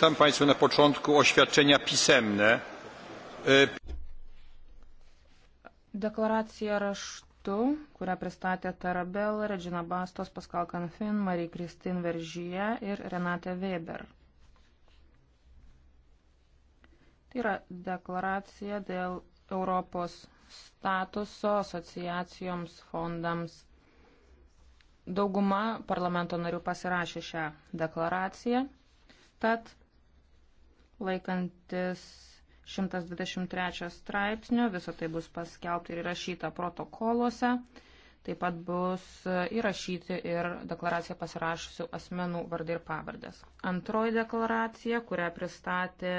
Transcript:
Witam Państwa na początku oświadczenia pisemne. E, deklaracija raštu, kurią pristatė Tarabel, Regina Bastos, Pascal Canfin, Marija Kristin Veržyje ir Renate Weber. Tai yra deklaracija dėl Europos statuso asociacijoms fondams. Dauguma parlamento narių pasirašė šią deklaraciją, tad laikantis 123 straipsnio, viso tai bus paskelbta ir įrašyta protokoluose, taip pat bus įrašyti ir deklaraciją pasirašusių asmenų vardai ir pavardės. Antroji deklaracija, kurią pristatė